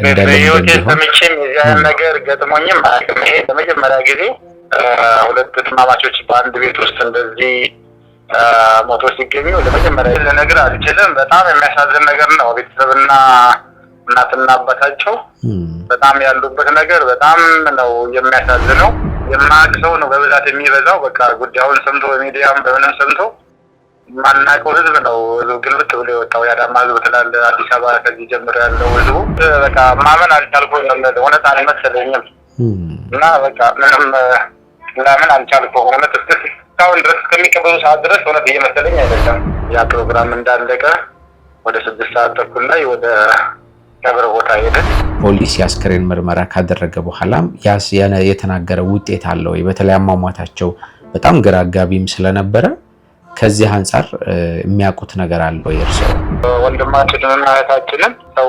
እኔ በህይወቴ ሰምቼም የዚያን ነገር ገጥሞኝም አያውቅም። ይሄ ለመጀመሪያ ጊዜ ሁለት ትማማቾች በአንድ ቤት ውስጥ እንደዚህ ሞቶ ሲገኙ ለመጀመሪያ ልነግር አልችልም። በጣም የሚያሳዝን ነገር ነው። ቤተሰብና እናትና አባታቸው በጣም ያሉበት ነገር በጣም ነው የሚያሳዝነው። የማያውቅ ሰው ነው በብዛት የሚበዛው። በቃ ጉዳዩን ሰምቶ በሚዲያም በምንም ሰምቶ ማናውቀው ህዝብ ነው ግልብጥ ብሎ የወጣው የአዳማ ህዝብ ትላለ አዲስ አበባ ከዚህ ጀምሮ ያለው ህዝቡ በቃ ማመን አልቻልኩም። እውነት አልመሰለኝም እና በቃ ምንም ላምን አልቻልኩም። እውነት እስካሁን ድረስ እስከሚቀበሉ ሰዓት ድረስ እውነት እየመሰለኝ አይደለም። ያ ፕሮግራም እንዳለቀ ወደ ስድስት ሰዓት ተኩል ላይ ወደ ቀብር ቦታ ሄደን ፖሊስ የአስክሬን ምርመራ ካደረገ በኋላም የተናገረ ውጤት አለ ወይ? በተለይ አሟሟታቸው በጣም ግራጋቢም ስለነበረ ከዚህ አንጻር የሚያውቁት ነገር አለ ወይ እርስ ወንድማችንንና እህታችንን ሰው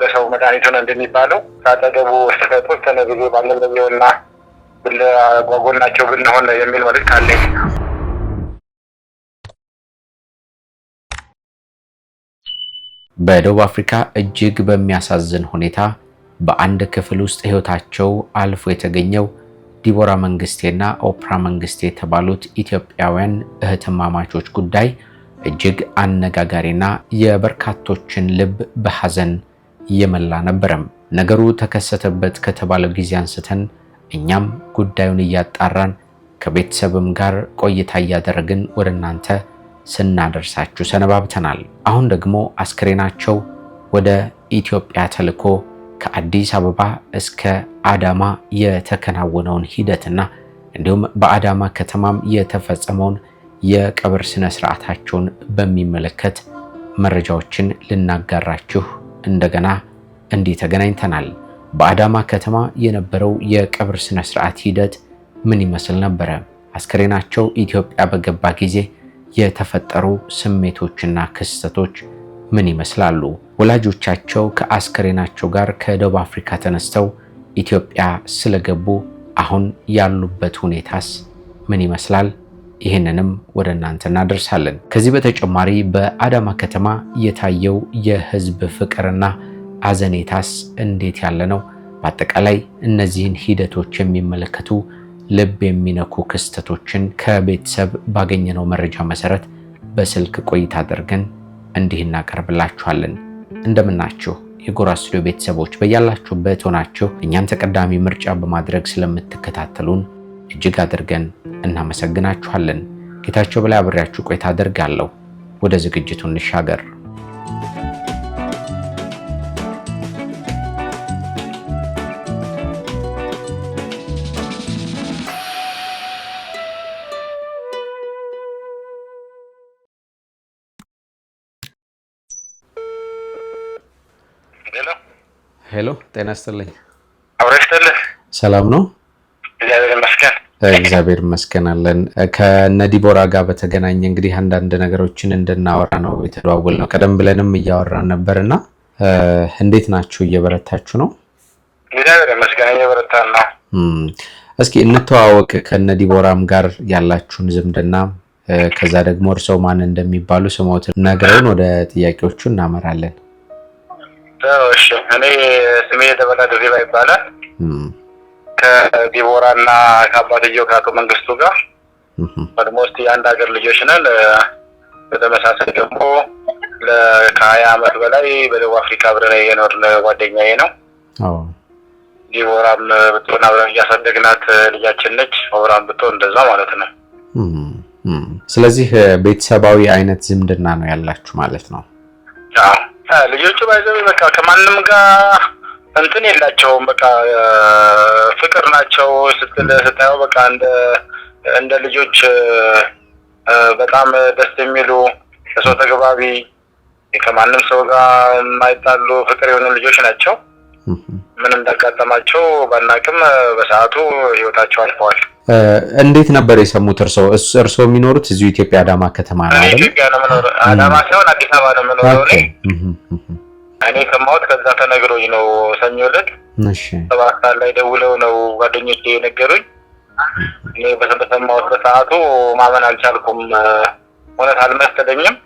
ለሰው መድኃኒት ሆነ እንደሚባለው ከአጠገቡ ተነ ጊዜ ባለለየውና ብለጓጎናቸው ብንሆን የሚል መልዕክት አለኝ። በደቡብ አፍሪካ እጅግ በሚያሳዝን ሁኔታ በአንድ ክፍል ውስጥ ህይወታቸው አልፎ የተገኘው ዲቦራ መንግስቴና ኦፕራ መንግስቴ የተባሉት ኢትዮጵያውያን እህትማማቾች ጉዳይ እጅግ አነጋጋሪና የበርካቶችን ልብ በሐዘን የመላ ነበረም። ነገሩ ተከሰተበት ከተባለው ጊዜ አንስተን እኛም ጉዳዩን እያጣራን ከቤተሰብም ጋር ቆይታ እያደረግን ወደ እናንተ ስናደርሳችሁ ሰነባብተናል። አሁን ደግሞ አስክሬናቸው ወደ ኢትዮጵያ ተልኮ ከአዲስ አበባ እስከ አዳማ የተከናወነውን ሂደትና እንዲሁም በአዳማ ከተማም የተፈጸመውን የቀብር ስነ ስርዓታቸውን በሚመለከት መረጃዎችን ልናጋራችሁ እንደገና እንዲህ ተገናኝተናል። በአዳማ ከተማ የነበረው የቀብር ስነ ስርዓት ሂደት ምን ይመስል ነበረ? አስከሬናቸው ኢትዮጵያ በገባ ጊዜ የተፈጠሩ ስሜቶችና ክስተቶች ምን ይመስላሉ? ወላጆቻቸው ከአስከሬናቸው ጋር ከደቡብ አፍሪካ ተነስተው ኢትዮጵያ ስለገቡ አሁን ያሉበት ሁኔታስ ምን ይመስላል? ይህንንም ወደ እናንተ እናደርሳለን። ከዚህ በተጨማሪ በአዳማ ከተማ የታየው የህዝብ ፍቅርና አዘኔታስ እንዴት ያለ ነው? በአጠቃላይ እነዚህን ሂደቶች የሚመለከቱ ልብ የሚነኩ ክስተቶችን ከቤተሰብ ባገኘነው መረጃ መሰረት በስልክ ቆይታ አድርገን እንዲህ እናቀርብላችኋለን። እንደምናችሁ የጎራ ስቱዲዮ ቤተሰቦች በያላችሁበት ሆናችሁ እኛን ተቀዳሚ ምርጫ በማድረግ ስለምትከታተሉን እጅግ አድርገን እናመሰግናችኋለን። ጌታቸው በላይ አብሬያችሁ ቆይታ አደርጋለሁ። ወደ ዝግጅቱ እንሻገር። ሄሎ፣ ጤና ይስጥልኝ። አብረን ይስጥልህ። ሰላም ነው? እግዚአብሔር ይመስገን። እግዚአብሔር ይመስገን ከነ ዲቦራ ጋር በተገናኘ እንግዲህ አንዳንድ ነገሮችን እንድናወራ ነው የተደዋወል ነው። ቀደም ብለንም እያወራን ነበር እና እንዴት ናችሁ? እየበረታችሁ ነው? እግዚአብሔር ይመስገን እየበረታን ነው። እስኪ እንተዋወቅ። ከነ ዲቦራም ጋር ያላችሁን ዝምድና ከዛ ደግሞ እርሰው ማን እንደሚባሉ ስሞትን ነግረውን ወደ ጥያቄዎቹ እናመራለን። እሺ እኔ ስሜ ደበላ ድሪባ ይባላል። ከዲቦራ እና ከአባትየው ከአቶ መንግስቱ ጋር ኦልሞስት የአንድ ሀገር ልጆች ነን። በተመሳሳይ ደግሞ ከሀያ አመት በላይ በደቡብ አፍሪካ አብረን የኖርን ጓደኛዬ ነው። ዲቦራም ብትሆን አብረን እያሳደግናት ልጃችን ነች። ኦብራም ብትሆን እንደዛ ማለት ነው። ስለዚህ ቤተሰባዊ አይነት ዝምድና ነው ያላችሁ ማለት ነው። ልጆቹ ባይዘው በቃ ከማንም ጋር እንትን የላቸውም። በቃ ፍቅር ናቸው ስትል ስታየው በቃ እንደ እንደ ልጆች በጣም ደስ የሚሉ ለሰው ተግባቢ ከማንም ሰው ጋር የማይጣሉ ፍቅር የሆኑ ልጆች ናቸው። ምን እንዳጋጠማቸው ባናቅም በሰዓቱ ህይወታቸው አልፈዋል። እንዴት ነበር የሰሙት? እርስዎ እርስዎ የሚኖሩት እዚሁ ኢትዮጵያ አዳማ ከተማ ነው? ኢትዮጵያ ነው የምኖረው፣ አዳማ ሳይሆን አዲስ አበባ ነው የምኖረው እኔ። እኔ የሰማሁት ከዛ ተነግሮኝ ነው ሰኞ ዕለት ሰባት ሰዓት ላይ ደውለው ነው ጓደኞች የነገሩኝ። እኔ በሰማሁት በሰዓቱ ማመን አልቻልኩም፣ እውነት አልመሰለኝም።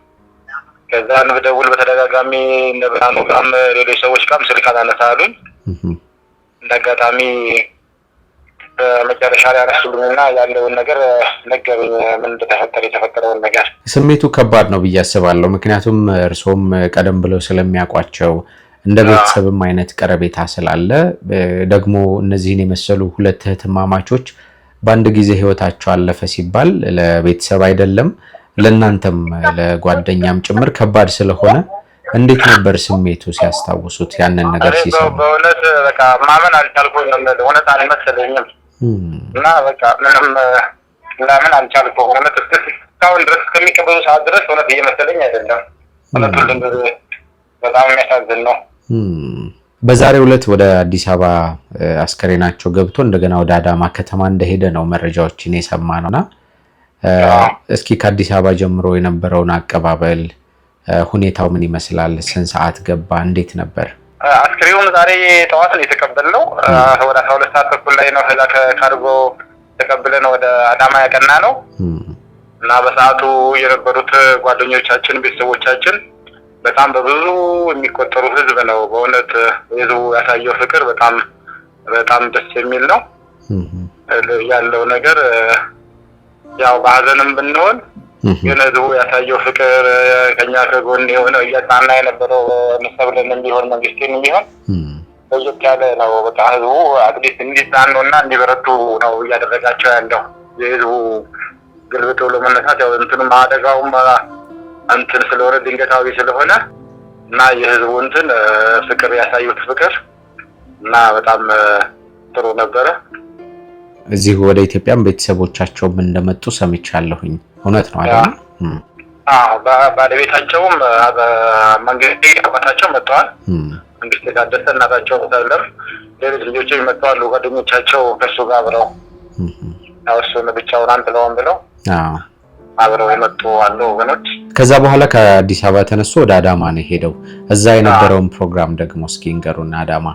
ከዛ ንብደውል በተደጋጋሚ እነ ብርሃኑ ጋርም ሌሎች ሰዎች ጋም ስልክ አላነሳ አሉኝ። እንደ አጋጣሚ በመጨረሻ ላይ አነሱልኝ አነሱልኝና ያለውን ነገር ነገሩኝ፣ ምን እንደተፈጠረ የተፈጠረውን ነገር። ስሜቱ ከባድ ነው ብዬ አስባለሁ። ምክንያቱም እርሶም ቀደም ብለው ስለሚያውቋቸው እንደ ቤተሰብም አይነት ቀረቤታ ስላለ ደግሞ እነዚህን የመሰሉ ሁለት እህትማማቾች በአንድ ጊዜ ህይወታቸው አለፈ ሲባል ለቤተሰብ አይደለም ለእናንተም ለጓደኛም ጭምር ከባድ ስለሆነ እንዴት ነበር ስሜቱ ሲያስታውሱት ያንን ነገር ሲሰሙ? በእውነት በቃ ማመን አልቻልኩም። እውነት አልመሰለኝም እና በቃ ምንም ለምን አልቻልኩም። እውነት እስካሁን ድረስ እስከሚቀበሉ ሰዓት ድረስ እውነት እየመሰለኝ አይደለም። እውነት በጣም የሚያሳዝን ነው። በዛሬ ዕለት ወደ አዲስ አበባ አስከሬናቸው ገብቶ እንደገና ወደ አዳማ ከተማ እንደሄደ ነው መረጃዎችን የሰማ ነውና እስኪ ከአዲስ አበባ ጀምሮ የነበረውን አቀባበል ሁኔታው ምን ይመስላል? ስንት ሰዓት ገባ? እንዴት ነበር? አስክሬኑም ዛሬ ጠዋት ነው የተቀበልነው። ወደ አስራ ሁለት ሰዓት ተኩል ላይ ነው ከዛ ከካርጎ ተቀብለን ወደ አዳማ ያቀና ነው እና በሰዓቱ የነበሩት ጓደኞቻችን፣ ቤተሰቦቻችን በጣም በብዙ የሚቆጠሩ ህዝብ ነው። በእውነት ህዝቡ ያሳየው ፍቅር በጣም በጣም ደስ የሚል ነው ያለው ነገር ያው በሀዘንም ብንሆን ግን ያሳየው ፍቅር ከኛ ከጎን የሆነ እያጽናና የነበረው መሰብለንም ቢሆን መንግስትን ቢሆን በየት ያለ ነው። በቃ ህዝቡ አትሊስት እንዲጽናኑ እና እንዲበረቱ ነው እያደረጋቸው ያለው የህዝቡ ግልብጥ ብሎ መነሳት ያው እንትንም አደጋውም እንትን ስለሆነ ድንገታዊ ስለሆነ እና የህዝቡ እንትን ፍቅር ያሳዩት ፍቅር እና በጣም ጥሩ ነበረ። እዚህ ወደ ኢትዮጵያም ቤተሰቦቻቸውም እንደመጡ ሰምቻለሁኝ። እውነት ነው አለ ባለቤታቸውም መንግስቴ አባታቸው መጥተዋል። መንግስቴ ታደሰ እናታቸው ተለም፣ ሌሎች ልጆች መጥተዋሉ። ጓደኞቻቸው ከሱ ጋር አብረው እሱን ብቻውን አንድ ለውን ብለው አብረው የመጡ አሉ ወገኖች። ከዛ በኋላ ከአዲስ አበባ ተነሱ ወደ አዳማ ነው የሄደው። እዛ የነበረውን ፕሮግራም ደግሞ እስኪ ንገሩና አዳማ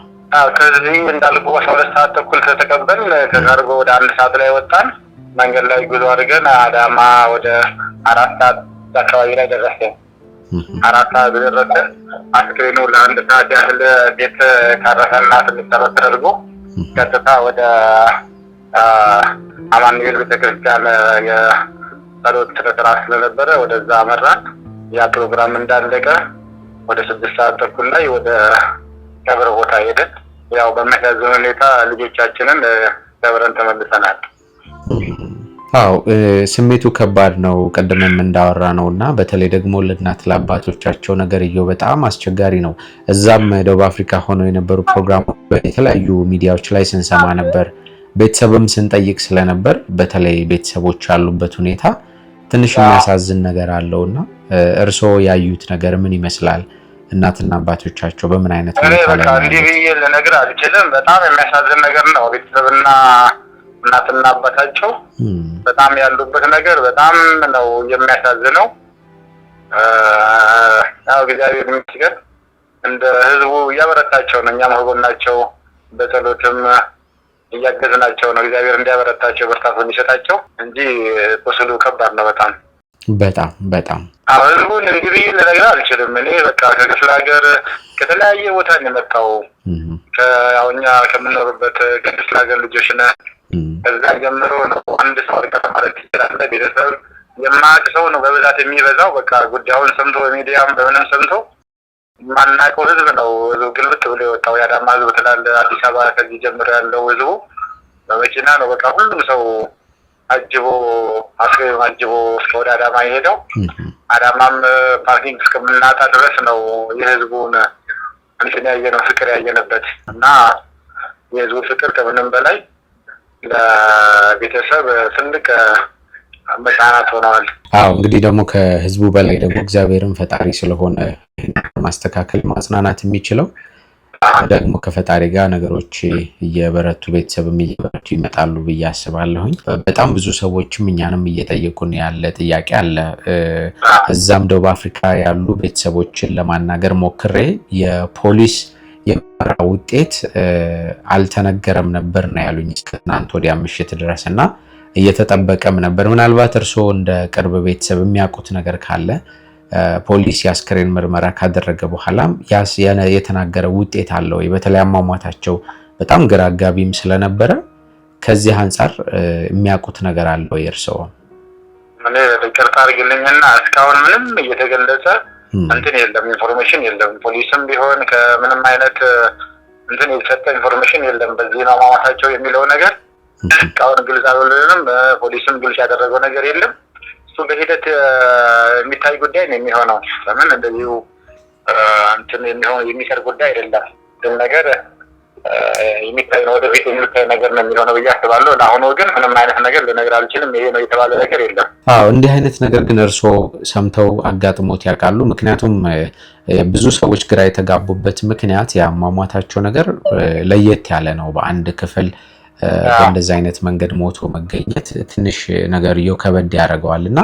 ከዚህ እንዳልኩ አስራ ሁለት ሰዓት ተኩል ተተቀበል ከጋርጎ ወደ አንድ ሰዓት ላይ ወጣን። መንገድ ላይ ጉዞ አድርገን አዳማ ወደ አራት ሰዓት አካባቢ ላይ ደረሰ። አራት ሰዓት ደረሰ። አስክሬኑ ለአንድ ሰዓት ያህል ቤት ካረፈና ትንሰረት ተደርጎ ቀጥታ ወደ አማኑኤል ቤተክርስቲያን የጸሎት ስነስርዓት ስለነበረ ወደዛ አመራን። ያ ፕሮግራም እንዳለቀ ወደ ስድስት ሰዓት ተኩል ላይ ወደ ቀብር ቦታ ሄደን ያው በሚያሳዝን ሁኔታ ልጆቻችንን ቀብረን ተመልሰናል። አው ስሜቱ ከባድ ነው። ቅድምም እንዳወራ ነው እና በተለይ ደግሞ ለእናት ለአባቶቻቸው ነገርየው በጣም አስቸጋሪ ነው። እዛም ደቡብ አፍሪካ ሆነው የነበሩ ፕሮግራም የተለያዩ ሚዲያዎች ላይ ስንሰማ ነበር፣ ቤተሰብም ስንጠይቅ ስለነበር በተለይ ቤተሰቦች ያሉበት ሁኔታ ትንሽ የሚያሳዝን ነገር አለው እና እርስዎ ያዩት ነገር ምን ይመስላል? እናትና አባቶቻቸው በምን አይነት እንዲህ ብዬ ልነግር አልችልም። በጣም የሚያሳዝን ነገር ነው። ቤተሰብና እናትና አባታቸው በጣም ያሉበት ነገር በጣም ነው የሚያሳዝነው። ያው እግዚአብሔር ይመስገን እንደ ህዝቡ እያበረታቸው ነው። እኛም ከጎናቸው በጸሎትም እያገዝናቸው ነው። እግዚአብሔር እንዲያበረታቸው ብርታቱን ይሰጣቸው እንጂ ቁስሉ ከባድ ነው በጣም በጣም በጣም ህዝቡን እንግዲህ ልነግርህ አልችልም። እኔ በቃ ከክፍለ ሀገር ከተለያየ ቦታ ነው የመጣው። ከአሁኛ ከምኖርበት ከክፍለ ሀገር ልጆች ነ ከዛ ጀምሮ ነው አንድ ሰው ርቀት ማለት ይችላለ ቤተሰብ የማቅ ሰው ነው በብዛት የሚበዛው። በቃ ጉዳዩን ሰምቶ በሚዲያም በምንም ሰምቶ የማናውቀው ህዝብ ነው ህዝቡ ግልብጥ ብሎ የወጣው። የአዳማ ህዝብ ትላለ። አዲስ አበባ ከዚህ ጀምሮ ያለው ህዝቡ በመኪና ነው በቃ ሁሉም ሰው አጅቦ አስገቢ አጅቦ ወደ አዳማ የሄደው አዳማም ፓርኪንግ እስከምናጣ ድረስ ነው የህዝቡን እንትን ያየነው ፍቅር ያየንበት እና የህዝቡ ፍቅር ከምንም በላይ ለቤተሰብ ትልቅ መጽናናት ሆነዋል። አዎ እንግዲህ ደግሞ ከህዝቡ በላይ ደግሞ እግዚአብሔርን ፈጣሪ ስለሆነ ማስተካከል ማጽናናት የሚችለው ደግሞ ከፈጣሪ ጋር ነገሮች እየበረቱ ቤተሰብም እየበረቱ ይመጣሉ ብዬ አስባለሁኝ። በጣም ብዙ ሰዎችም እኛንም እየጠየቁን ያለ ጥያቄ አለ። እዛም ደቡብ አፍሪካ ያሉ ቤተሰቦችን ለማናገር ሞክሬ የፖሊስ የምርመራ ውጤት አልተነገረም ነበር ነው ያሉኝ። እስከ ትናንት ወዲያ ምሽት ድረስ እና እየተጠበቀም ነበር። ምናልባት እርስዎ እንደ ቅርብ ቤተሰብ የሚያውቁት ነገር ካለ ፖሊስ የአስክሬን ምርመራ ካደረገ በኋላም የተናገረ ውጤት አለ ወይ? በተለይ አሟሟታቸው በጣም ግራ አጋቢም ስለነበረ ከዚህ አንጻር የሚያውቁት ነገር አለ ወይ እርስዎ? ምን አድርግልኝና እስካሁን ምንም እየተገለጸ እንትን የለም፣ ኢንፎርሜሽን የለም። ፖሊስም ቢሆን ከምንም አይነት እንትን የተሰጠ ኢንፎርሜሽን የለም። በዚህ ነው አሟሟታቸው የሚለው ነገር እስካሁን ግልጽ አልሆነንም። ፖሊስም ግልጽ ያደረገው ነገር የለም። እሱ በሂደት የሚታይ ጉዳይ ነው የሚሆነው። ለምን እንደዚሁ እንትን የሚሆን የሚቀር ጉዳይ አይደለም። ግን ነገር የሚታይ ነው፣ ወደፊት የሚታይ ነገር ነው የሚሆነው ብዬ አስባለሁ። ለአሁኑ ግን ምንም አይነት ነገር ልነግር አልችልም። ይሄ ነው የተባለ ነገር የለም። አዎ እንዲህ አይነት ነገር ግን እርስዎ ሰምተው አጋጥሞት ያውቃሉ? ምክንያቱም ብዙ ሰዎች ግራ የተጋቡበት ምክንያት የአሟሟታቸው ነገር ለየት ያለ ነው። በአንድ ክፍል በእንደዚህ አይነት መንገድ ሞቶ መገኘት ትንሽ ነገርየው ከበድ ያደርገዋል እና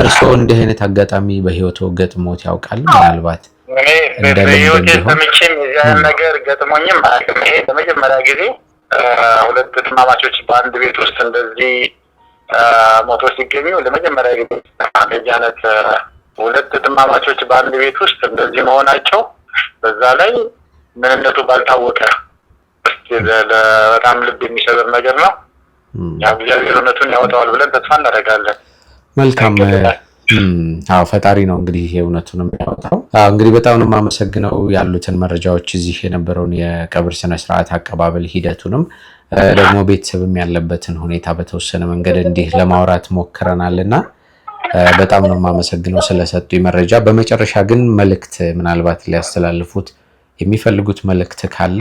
እርስዎ እንዲህ አይነት አጋጣሚ በህይወቶ ገጥሞት ያውቃል? ምናልባት በህይወቴ ሰምቼም የዚያን ነገር ገጥሞኝም አያውቅም። ይሄ ለመጀመሪያ ጊዜ ሁለት ትማማቾች በአንድ ቤት ውስጥ እንደዚህ ሞቶ ሲገኙ ለመጀመሪያ ጊዜ እንደዚህ አይነት ሁለት እህትማማቾች በአንድ ቤት ውስጥ እንደዚህ መሆናቸው በዛ ላይ ምንነቱ ባልታወቀ በጣም ልብ የሚሰብር ነገር ነው። እግዚአብሔር እውነቱን ያወጣዋል ብለን ተስፋ እናደርጋለን። መልካም አዎ ፈጣሪ ነው እንግዲህ እውነቱን የሚያወጣው። እንግዲህ በጣም ነው የማመሰግነው ያሉትን መረጃዎች፣ እዚህ የነበረውን የቀብር ስነስርዓት አቀባበል ሂደቱንም ደግሞ ቤተሰብም ያለበትን ሁኔታ በተወሰነ መንገድ እንዲህ ለማውራት ሞክረናል እና በጣም ነው የማመሰግነው ስለሰጡ መረጃ። በመጨረሻ ግን መልእክት ምናልባት ሊያስተላልፉት የሚፈልጉት መልእክት ካለ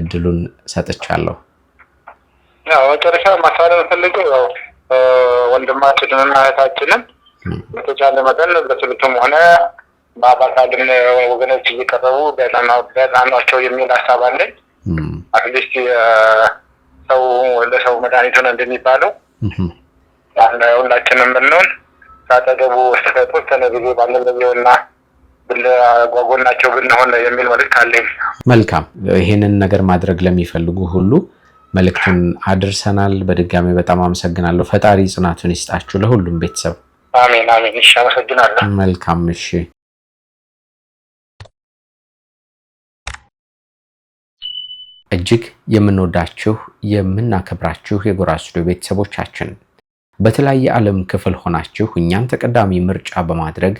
እድሉን ሰጥቻለሁ። መጨረሻ ማሳለ ፈልገው ያው ወንድማችንንና እህታችንን በተቻለ መጠን በስልክም ሆነ በአባካልም ወገኖች እየቀረቡ በጣናቸው የሚል ሀሳብ አለኝ። አትሊስት ሰው ለሰው መድኃኒት ሆነ እንደሚባለው ሁላችንም ብንሆን ከአጠገቡ ስህተቶች ተነግዜ ባለን በዚሆና ለጓጎናቸው ብንሆን የሚል መልእክት አለኝ። መልካም ይህንን ነገር ማድረግ ለሚፈልጉ ሁሉ መልእክቱን አድርሰናል። በድጋሚ በጣም አመሰግናለሁ። ፈጣሪ ጽናቱን ይስጣችሁ ለሁሉም ቤተሰብ። አሜን አሜን። እሺ አመሰግናለሁ። መልካም እሺ። እጅግ የምንወዳችሁ የምናከብራችሁ የጎራ ስቱዲዮ ቤተሰቦቻችን በተለያየ ዓለም ክፍል ሆናችሁ እኛን ተቀዳሚ ምርጫ በማድረግ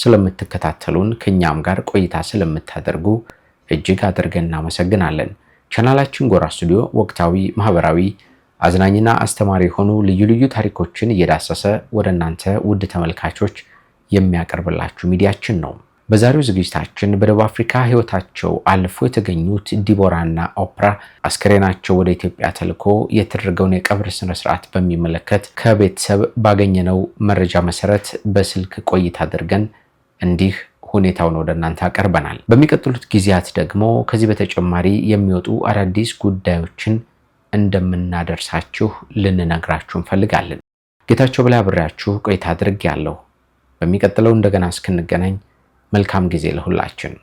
ስለምትከታተሉን ከእኛም ጋር ቆይታ ስለምታደርጉ እጅግ አድርገን እናመሰግናለን። ቻናላችን ጎራ ስቱዲዮ ወቅታዊ፣ ማህበራዊ፣ አዝናኝና አስተማሪ የሆኑ ልዩ ልዩ ታሪኮችን እየዳሰሰ ወደ እናንተ ውድ ተመልካቾች የሚያቀርብላችሁ ሚዲያችን ነው። በዛሬው ዝግጅታችን በደቡብ አፍሪካ ህይወታቸው አልፎ የተገኙት ዲቦራና ኦፕራ አስከሬናቸው ወደ ኢትዮጵያ ተልኮ የተደረገውን የቀብር ስነስርዓት በሚመለከት ከቤተሰብ ባገኘነው መረጃ መሰረት በስልክ ቆይታ አድርገን እንዲህ ሁኔታውን ወደ እናንተ አቀርበናል። በሚቀጥሉት ጊዜያት ደግሞ ከዚህ በተጨማሪ የሚወጡ አዳዲስ ጉዳዮችን እንደምናደርሳችሁ ልንነግራችሁ እንፈልጋለን። ጌታቸው በላይ አብሬያችሁ ቆይታ ያለው በሚቀጥለው እንደገና እስክንገናኝ መልካም ጊዜ ለሁላችን።